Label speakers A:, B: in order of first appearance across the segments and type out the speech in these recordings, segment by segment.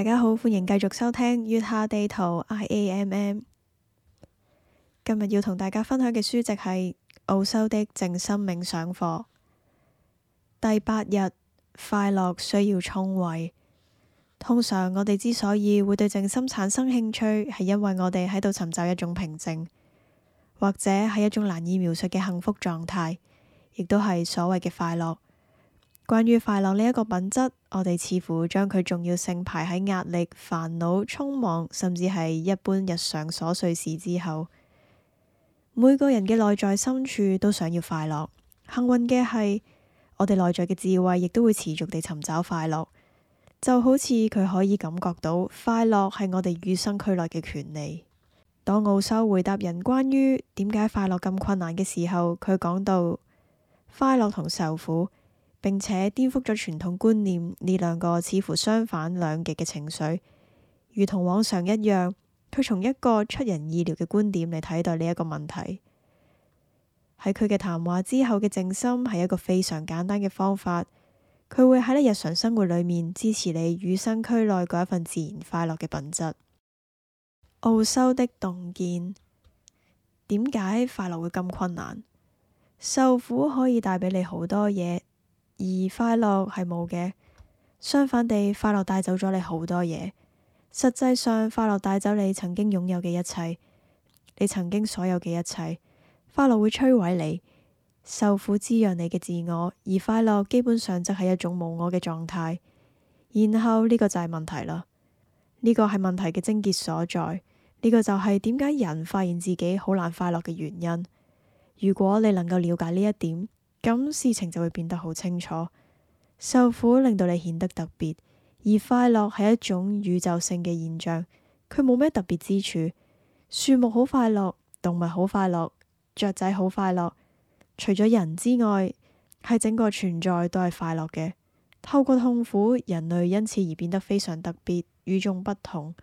A: 大家好，歡迎繼續收聽《月下地圖 IAMM》。今日要同大家分享嘅書籍係《奧修的靜心冥想課》第八日，快樂需要聰慧。通常我哋之所以會對靜心產生興趣，係因為我哋喺度尋找一種平靜，或者係一種難以描述嘅幸福狀態，亦都係所謂嘅快樂。關於快樂呢一個品質，我哋似乎將佢重要性排喺壓力、煩惱、匆忙，甚至係一般日常瑣碎事之後。每個人嘅內在深處都想要快樂。幸運嘅係，我哋內在嘅智慧亦都會持續地尋找快樂，就好似佢可以感覺到快樂係我哋與生俱來嘅權利。當奧修回答人關於點解快樂咁困難嘅時候，佢講到快樂同受苦。並且顛覆咗傳統觀念，呢兩個似乎相反兩極嘅情緒，如同往常一樣，佢從一個出人意料嘅觀點嚟睇待呢一個問題。喺佢嘅談話之後嘅靜心係一個非常簡單嘅方法，佢會喺你日常生活裏面支持你與生俱來嗰一份自然快樂嘅品質。奧修的洞見，點解快樂會咁困難？受苦可以帶俾你好多嘢。而快樂係冇嘅，相反地，快樂帶走咗你好多嘢。實際上，快樂帶走你曾經擁有嘅一切，你曾經所有嘅一切。快樂會摧毀你，受苦滋養你嘅自我。而快樂基本上就係一種無我嘅狀態。然後呢個就係問題啦，呢個係問題嘅症結所在。呢個就係點解人發現自己好難快樂嘅原因。如果你能夠了解呢一點，咁事情就會變得好清楚。受苦令到你顯得特別，而快樂係一種宇宙性嘅現象，佢冇咩特別之處。樹木好快樂，動物好快樂，雀仔好快樂，除咗人之外，係整個存在都係快樂嘅。透過痛苦，人類因此而變得非常特別、與眾不同。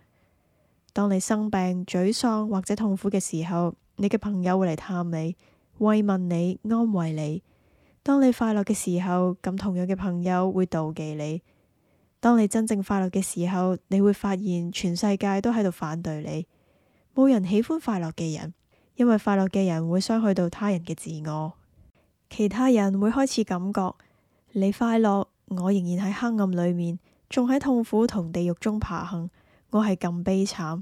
A: 當你生病、沮喪或者痛苦嘅時候，你嘅朋友會嚟探你、慰問你、安慰你。當你快樂嘅時候，咁同樣嘅朋友會妒忌你。當你真正快樂嘅時候，你會發現全世界都喺度反對你，冇人喜歡快樂嘅人，因為快樂嘅人會傷害到他人嘅自我。其他人會開始感覺：你快樂，我仍然喺黑暗裏面，仲喺痛苦同地獄中爬行，我係咁悲慘。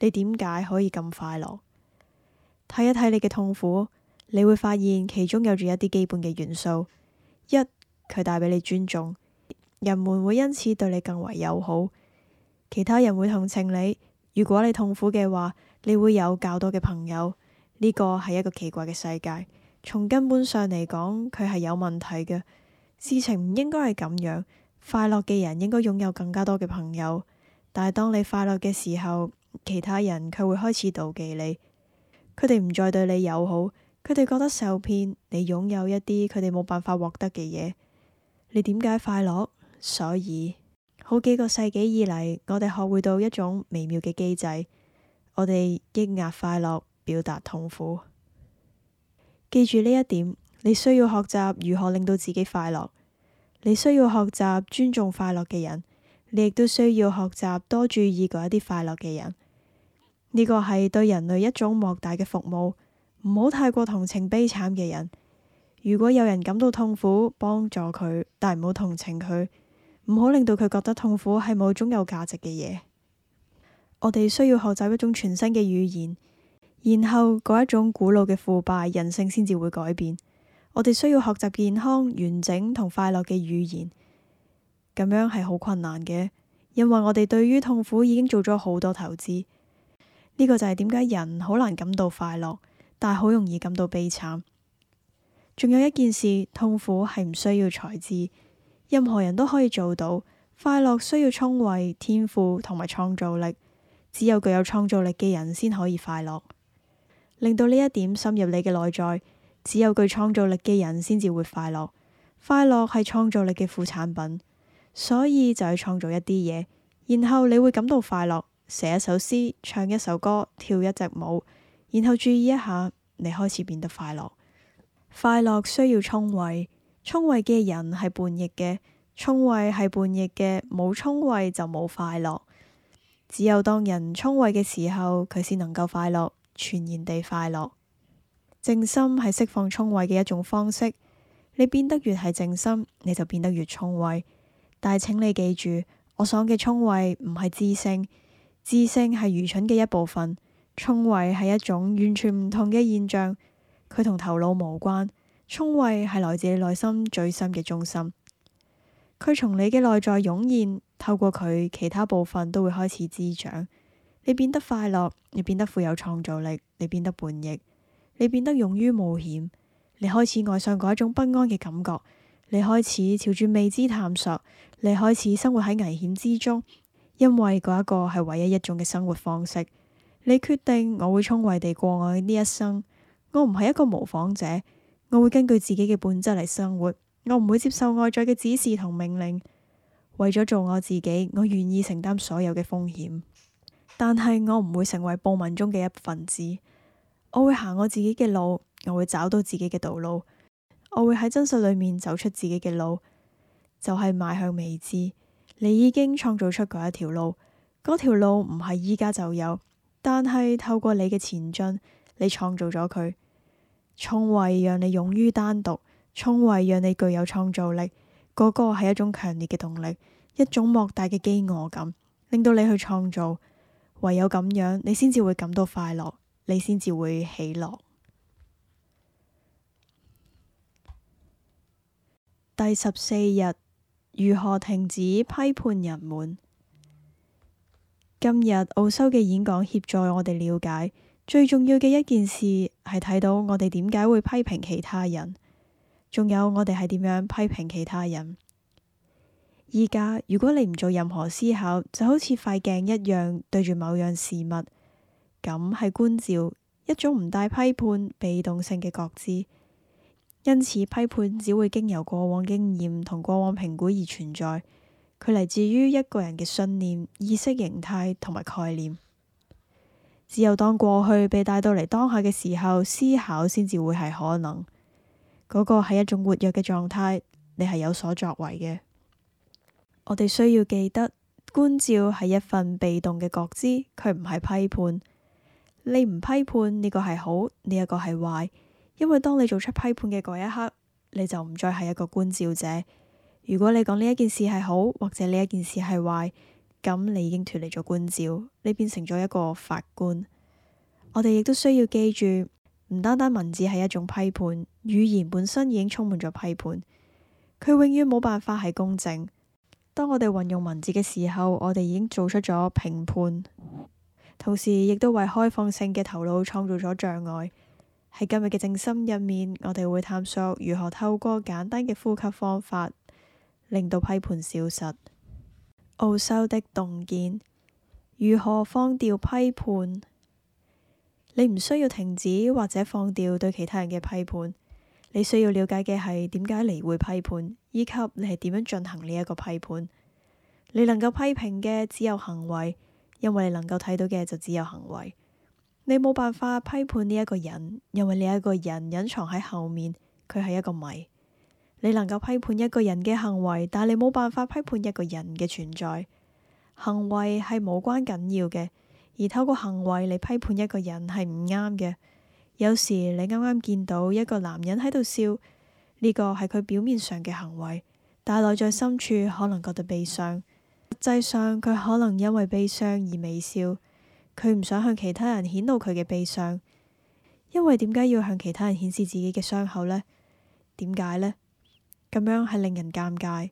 A: 你點解可以咁快樂？睇一睇你嘅痛苦。你會發現其中有住一啲基本嘅元素。一，佢帶畀你尊重，人們會因此對你更為友好。其他人會同情你。如果你痛苦嘅話，你會有較多嘅朋友。呢、這個係一個奇怪嘅世界。從根本上嚟講，佢係有問題嘅。事情唔應該係咁樣。快樂嘅人應該擁有更加多嘅朋友。但係當你快樂嘅時候，其他人佢會開始妒忌你，佢哋唔再對你友好。佢哋覺得受騙，你擁有一啲佢哋冇辦法獲得嘅嘢，你點解快樂？所以好幾個世紀以嚟，我哋學會到一種微妙嘅機制，我哋抑壓快樂，表達痛苦。記住呢一點，你需要學習如何令到自己快樂，你需要學習尊重快樂嘅人，你亦都需要學習多注意嗰一啲快樂嘅人。呢個係對人類一種莫大嘅服務。唔好太過同情悲慘嘅人。如果有人感到痛苦，幫助佢，但唔好同情佢，唔好令到佢覺得痛苦係某種有價值嘅嘢。我哋需要學習一種全新嘅語言，然後嗰一種古老嘅腐敗人性先至會改變。我哋需要學習健康、完整同快樂嘅語言，咁樣係好困難嘅，因為我哋對於痛苦已經做咗好多投資。呢個就係點解人好難感到快樂。但係好容易感到悲慘。仲有一件事，痛苦係唔需要才智，任何人都可以做到。快樂需要聰慧、天賦同埋創造力，只有具有創造力嘅人先可以快樂。令到呢一點深入你嘅內在，只有具創造力嘅人先至會快樂。快樂係創造力嘅副產品，所以就係創造一啲嘢，然後你會感到快樂。寫一首詩，唱一首歌，跳一隻舞。然後注意一下，你開始變得快樂。快樂需要聰慧，聰慧嘅人係叛逆嘅，聰慧係叛逆嘅，冇聰慧就冇快樂。只有當人聰慧嘅時候，佢先能夠快樂，全然地快樂。靜心係釋放聰慧嘅一種方式。你變得越係靜心，你就變得越聰慧。但係請你記住，我講嘅聰慧唔係知性，知性係愚蠢嘅一部分。聰慧係一種完全唔同嘅現象，佢同頭腦無關。聰慧係來自你內心最深嘅中心，佢從你嘅內在湧現，透過佢，其他部分都會開始滋長。你變得快樂，你變得富有創造力，你變得叛逆，你變得勇於冒險，你開始愛上嗰一種不安嘅感覺，你開始朝住未知探索，你開始生活喺危險之中，因為嗰一個係唯一一種嘅生活方式。你決定，我會聰慧地過我呢一生。我唔係一個模仿者，我會根據自己嘅本質嚟生活。我唔會接受外在嘅指示同命令，為咗做我自己，我願意承擔所有嘅風險。但係我唔會成為暴民中嘅一份子。我會行我自己嘅路，我會找到自己嘅道路。我會喺真相裏面走出自己嘅路，就係、是、邁向未知。你已經創造出嗰一條路，嗰條路唔係依家就有。但係透過你嘅前進，你創造咗佢。聰慧讓你勇於單獨，聰慧讓你具有創造力，嗰個係一種強烈嘅動力，一種莫大嘅飢餓感，令到你去創造。唯有咁樣，你先至會感到快樂，你先至會喜樂。第十四日，如何停止批判人們？今日奧修嘅演講協助我哋了解最重要嘅一件事係睇到我哋點解會批評其他人，仲有我哋係點樣批評其他人。依家如果你唔做任何思考，就好似塊鏡一樣對住某樣事物，咁係觀照一種唔帶批判被動性嘅覺知。因此批判只會經由過往經驗同過往評估而存在。佢嚟自於一個人嘅信念、意識形態同埋概念。只有當過去被帶到嚟當下嘅時候，思考先至會係可能。嗰個係一種活躍嘅狀態，你係有所作為嘅。我哋需要記得，觀照係一份被動嘅覺知，佢唔係批判。你唔批判呢個係好，呢一個係壞，因為當你做出批判嘅嗰一刻，你就唔再係一個觀照者。如果你講呢一件事係好，或者呢一件事係壞，咁你已經脫離咗觀照，你變成咗一個法官。我哋亦都需要記住，唔單單文字係一種批判，語言本身已經充滿咗批判。佢永遠冇辦法係公正。當我哋運用文字嘅時候，我哋已經做出咗評判，同時亦都為開放性嘅頭腦創造咗障礙。喺今日嘅靜心入面，我哋會探索如何透過簡單嘅呼吸方法。令到批判消失。奧修的洞見，如何放掉批判？你唔需要停止或者放掉對其他人嘅批判，你需要了解嘅係點解你會批判，以及你係點樣進行呢一個批判。你能夠批評嘅只有行為，因為你能夠睇到嘅就只有行為。你冇辦法批判呢一個人，因為呢個人隱藏喺後面，佢係一個謎。你能夠批判一個人嘅行為，但你冇辦法批判一個人嘅存在。行為係無關緊要嘅，而透過行為嚟批判一個人係唔啱嘅。有時你啱啱見到一個男人喺度笑，呢個係佢表面上嘅行為，但內在深處可能覺得悲傷。實際上佢可能因為悲傷而微笑，佢唔想向其他人顯露佢嘅悲傷，因為點解要向其他人顯示自己嘅傷口呢？點解呢？咁樣係令人尷尬，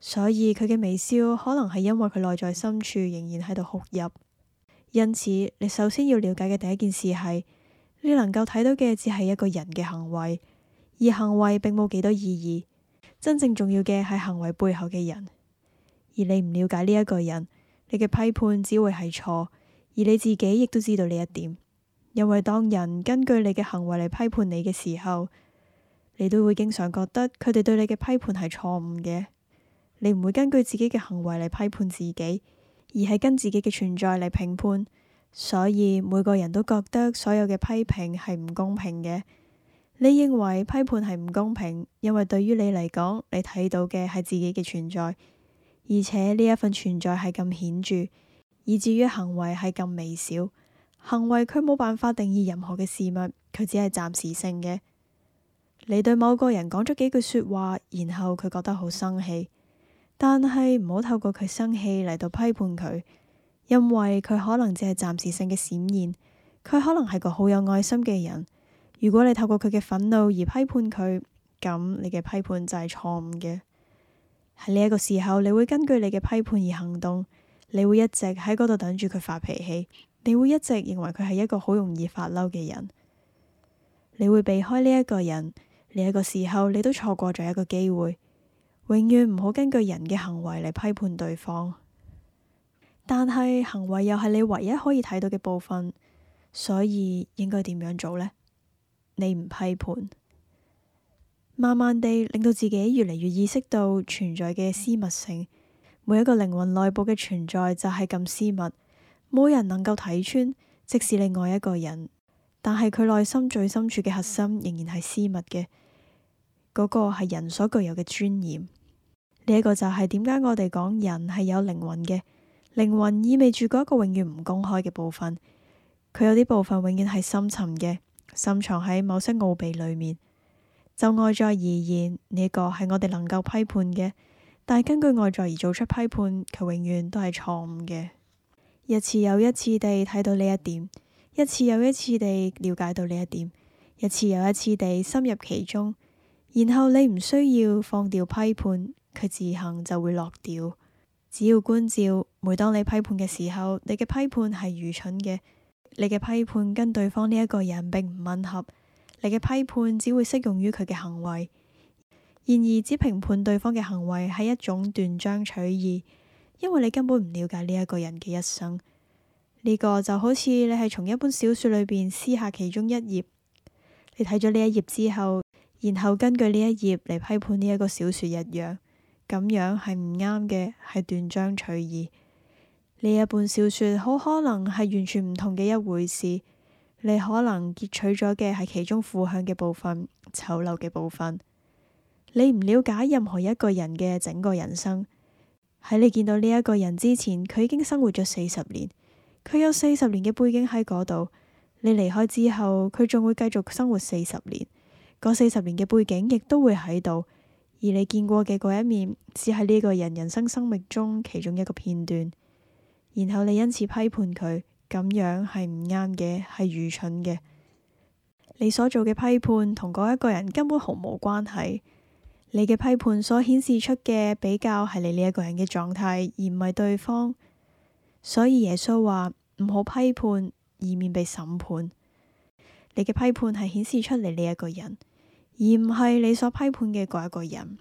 A: 所以佢嘅微笑可能係因為佢內在深處仍然喺度哭泣。因此，你首先要了解嘅第一件事係，你能夠睇到嘅只係一個人嘅行為，而行為並冇幾多意義。真正重要嘅係行為背後嘅人，而你唔了解呢一個人，你嘅批判只會係錯，而你自己亦都知道呢一點，因為當人根據你嘅行為嚟批判你嘅時候，你都會經常覺得佢哋對你嘅批判係錯誤嘅，你唔會根據自己嘅行為嚟批判自己，而係跟自己嘅存在嚟評判。所以每個人都覺得所有嘅批評係唔公平嘅。你認為批判係唔公平，因為對於你嚟講，你睇到嘅係自己嘅存在，而且呢一份存在係咁顯著，以至於行為係咁微小，行為佢冇辦法定義任何嘅事物，佢只係暫時性嘅。你對某個人講咗幾句說話，然後佢覺得好生氣，但係唔好透過佢生氣嚟到批判佢，因為佢可能只係暫時性嘅閃現，佢可能係個好有愛心嘅人。如果你透過佢嘅憤怒而批判佢，咁你嘅批判就係錯誤嘅。喺呢一個時候，你會根據你嘅批判而行動，你會一直喺嗰度等住佢發脾氣，你會一直認為佢係一個好容易發嬲嘅人，你會避開呢一個人。呢一個時候，你都錯過咗一個機會。永遠唔好根據人嘅行為嚟批判對方，但係行為又係你唯一可以睇到嘅部分，所以應該點樣做呢？你唔批判，慢慢地令到自己越嚟越意識到存在嘅私密性。每一個靈魂內部嘅存在就係咁私密，冇人能夠睇穿，即使你愛一個人，但係佢內心最深處嘅核心仍然係私密嘅。嗰個係人所具有嘅尊嚴，呢一個就係點解我哋講人係有靈魂嘅。靈魂意味住嗰一個永遠唔公開嘅部分，佢有啲部分永遠係深沉嘅，深藏喺某些奧秘裏面。就外在而言，呢個係我哋能夠批判嘅，但係根據外在而做出批判，佢永遠都係錯誤嘅。一次又一次地睇到呢一點，一次又一次地了解到呢一點，一次又一次地深入其中。然後你唔需要放掉批判，佢自行就會落掉。只要觀照，每當你批判嘅時候，你嘅批判係愚蠢嘅，你嘅批判跟對方呢一個人並唔吻合，你嘅批判只會適用於佢嘅行為，然而只評判對方嘅行為係一種斷章取義，因為你根本唔了解呢一個人嘅一生。呢、這個就好似你係從一本小說裏邊撕下其中一頁，你睇咗呢一頁之後。然後根據呢一頁嚟批判呢一個小說一樣，咁樣係唔啱嘅，係斷章取義。呢一本小說好可能係完全唔同嘅一回事。你可能截取咗嘅係其中負向嘅部分，醜陋嘅部分。你唔了解任何一個人嘅整個人生。喺你見到呢一個人之前，佢已經生活咗四十年，佢有四十年嘅背景喺嗰度。你離開之後，佢仲會繼續生活四十年。嗰四十年嘅背景亦都會喺度，而你見過嘅嗰一面，只係呢個人人生生命中其中一個片段。然後你因此批判佢，咁樣係唔啱嘅，係愚蠢嘅。你所做嘅批判同嗰一個人根本毫無關係。你嘅批判所顯示出嘅比較係你呢一個人嘅狀態，而唔係對方。所以耶穌話唔好批判，以免被審判。你嘅批判係顯示出嚟呢一個人，而唔係你所批判嘅嗰一個人，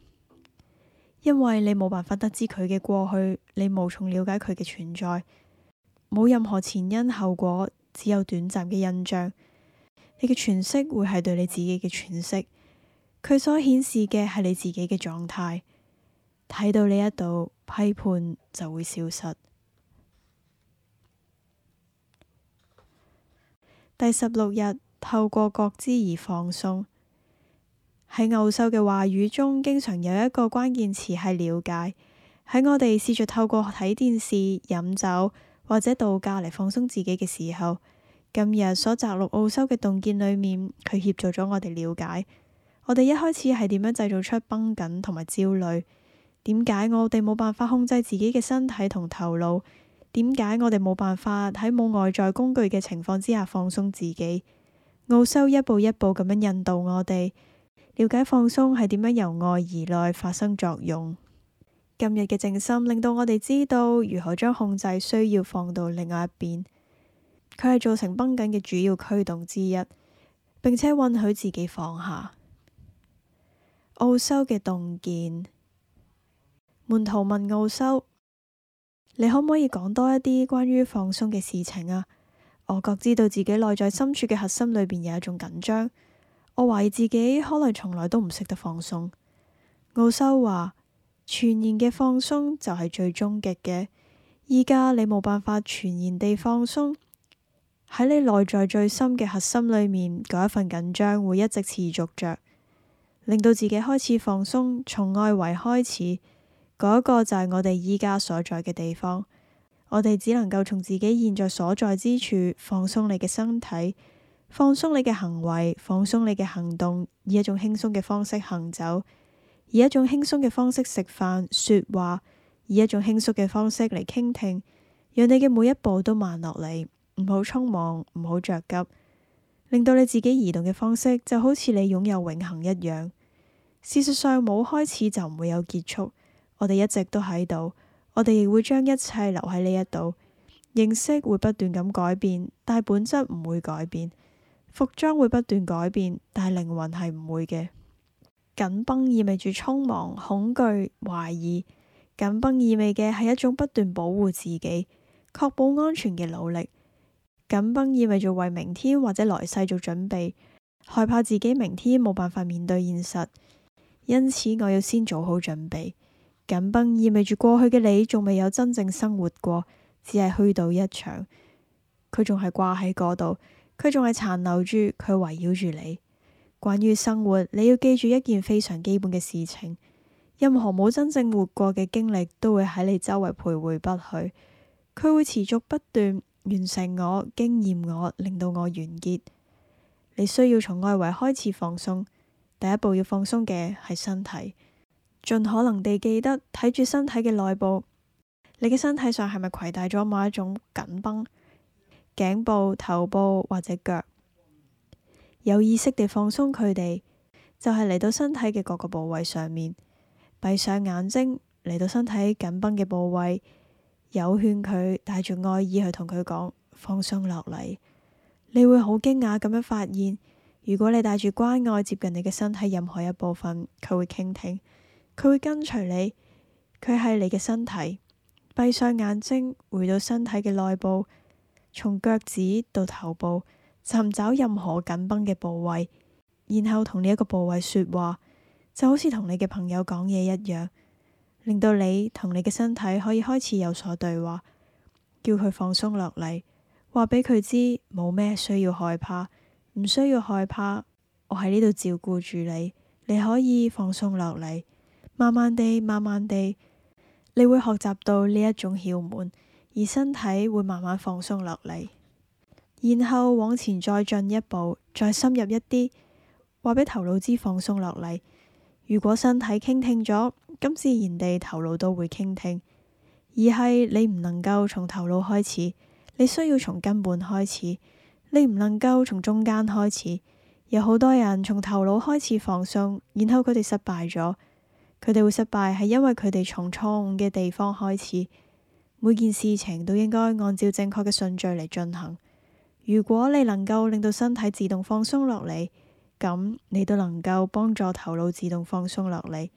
A: 因為你冇辦法得知佢嘅過去，你無從了解佢嘅存在，冇任何前因後果，只有短暫嘅印象。你嘅詮釋會係對你自己嘅詮釋，佢所顯示嘅係你自己嘅狀態。睇到呢一度，批判就會消失。第十六日，透過覺知而放鬆。喺奧修嘅話語中，經常有一個關鍵詞係了解。喺我哋試着透過睇電視、飲酒或者度假嚟放鬆自己嘅時候，今日所摘錄奧修嘅洞見裏面，佢協助咗我哋了解我哋一開始係點樣製造出繃緊同埋焦慮？點解我哋冇辦法控制自己嘅身體同頭腦？點解我哋冇辦法喺冇外在工具嘅情況之下放鬆自己？奧修一步一步咁樣引導我哋。了解放鬆係點樣由外而內發生作用。今日嘅靜心令到我哋知道如何將控制需要放到另外一邊。佢係造成繃緊嘅主要驅動之一，並且允許自己放下。奧修嘅洞見，門徒問奧修：你可唔可以講多一啲關於放鬆嘅事情啊？我覺知道自己內在深處嘅核心裏邊有一種緊張。我懷疑自己可能從來都唔識得放鬆。奧修話：全然嘅放鬆就係最終極嘅。依家你冇辦法全然地放鬆，喺你內在最深嘅核心裡面，嗰一份緊張會一直持續着，令到自己開始放鬆，從外圍開始。嗰一個就係我哋依家所在嘅地方。我哋只能夠從自己現在所在之處放鬆你嘅身體。放鬆你嘅行為，放鬆你嘅行動，以一種輕鬆嘅方式行走，以一種輕鬆嘅方式食飯、說話，以一種輕鬆嘅方式嚟傾聽，讓你嘅每一步都慢落嚟，唔好匆忙，唔好着急，令到你自己移動嘅方式就好似你擁有永恒一樣。事實上，冇開始就唔會有結束。我哋一直都喺度，我哋亦會將一切留喺呢一度。形式會不斷咁改變，但係本質唔會改變。服裝會不斷改變，但係靈魂係唔會嘅。緊繃意味住匆忙、恐懼、懷疑。緊繃意味嘅係一種不斷保護自己、確保安全嘅努力。緊繃意味住為明天或者來世做準備，害怕自己明天冇辦法面對現實，因此我要先做好準備。緊繃意味住過去嘅你仲未有真正生活過，只係虛度一場。佢仲係掛喺嗰度。佢仲係殘留住，佢圍繞住你。關於生活，你要記住一件非常基本嘅事情：任何冇真正活過嘅經歷，都會喺你周圍徘徊不去。佢會持續不斷完成我、經驗我，令到我完結。你需要從外圍開始放鬆，第一步要放鬆嘅係身體，盡可能地記得睇住身體嘅內部，你嘅身體上係咪攜帶咗某一種緊繃？頸部、頭部或者腳，有意識地放鬆佢哋，就係、是、嚟到身體嘅各個部位上面，閉上眼睛嚟到身體緊繃嘅部位，有勸佢帶住愛意去同佢講放鬆落嚟。你會好驚訝咁樣發現，如果你帶住關愛接近你嘅身體任何一部分，佢會傾聽，佢會跟隨你，佢係你嘅身體。閉上眼睛，回到身體嘅內部。從腳趾到頭部，尋找任何緊繃嘅部位，然後同呢一個部位說話，就好似同你嘅朋友講嘢一樣，令到你同你嘅身體可以開始有所對話，叫佢放鬆落嚟，話俾佢知冇咩需要害怕，唔需要害怕，我喺呢度照顧住你，你可以放鬆落嚟，慢慢地，慢慢地，你會學習到呢一種竅門。而身體會慢慢放鬆落嚟，然後往前再進一步，再深入一啲，話畀頭腦知放鬆落嚟。如果身體傾聽咗，咁自然地頭腦都會傾聽。而係你唔能夠從頭腦開始，你需要從根本開始，你唔能夠從中間開始。有好多人從頭腦開始放鬆，然後佢哋失敗咗，佢哋會失敗係因為佢哋從錯誤嘅地方開始。每件事情都應該按照正確嘅順序嚟進行。如果你能夠令到身體自動放鬆落嚟，咁你都能夠幫助頭腦自動放鬆落嚟。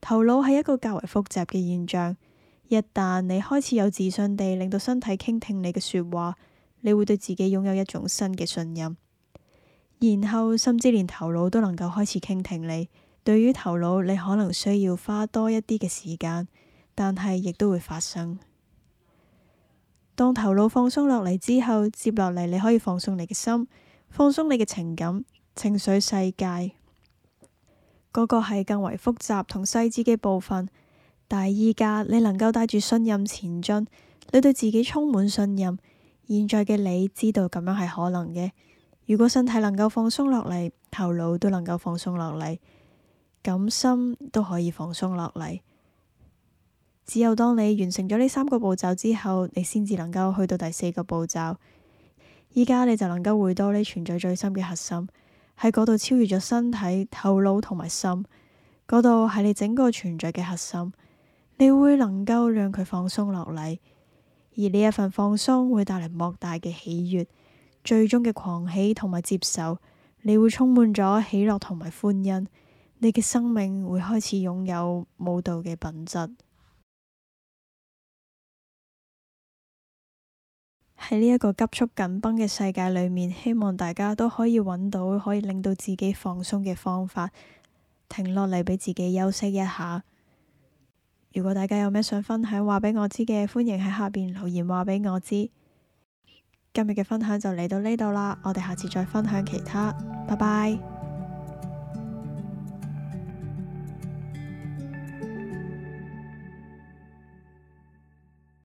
A: 頭腦係一個較為複雜嘅現象。一旦你開始有自信地令到身體傾聽你嘅說話，你會對自己擁有一種新嘅信任，然後甚至連頭腦都能夠開始傾聽你。對於頭腦，你可能需要花多一啲嘅時間，但係亦都會發生。當頭腦放鬆落嚟之後，接落嚟你可以放鬆你嘅心，放鬆你嘅情感、情緒世界。嗰個係更為複雜同細緻嘅部分，但係依家你能夠帶住信任前進，你對自己充滿信任。現在嘅你知道咁樣係可能嘅。如果身體能夠放鬆落嚟，頭腦都能夠放鬆落嚟，咁心都可以放鬆落嚟。只有當你完成咗呢三個步驟之後，你先至能夠去到第四個步驟。依家你就能夠回到你存在最深嘅核心，喺嗰度超越咗身體、頭腦同埋心，嗰度係你整個存在嘅核心。你會能夠讓佢放鬆落嚟，而呢一份放鬆會帶嚟莫大嘅喜悦，最終嘅狂喜同埋接受，你會充滿咗喜樂同埋歡欣。你嘅生命會開始擁有舞蹈嘅品質。喺呢一個急速緊繃嘅世界裏面，希望大家都可以揾到可以令到自己放鬆嘅方法，停落嚟俾自己休息一下。如果大家有咩想分享，話俾我知嘅，歡迎喺下邊留言話俾我知。今日嘅分享就嚟到呢度啦，我哋下次再分享其他。拜拜。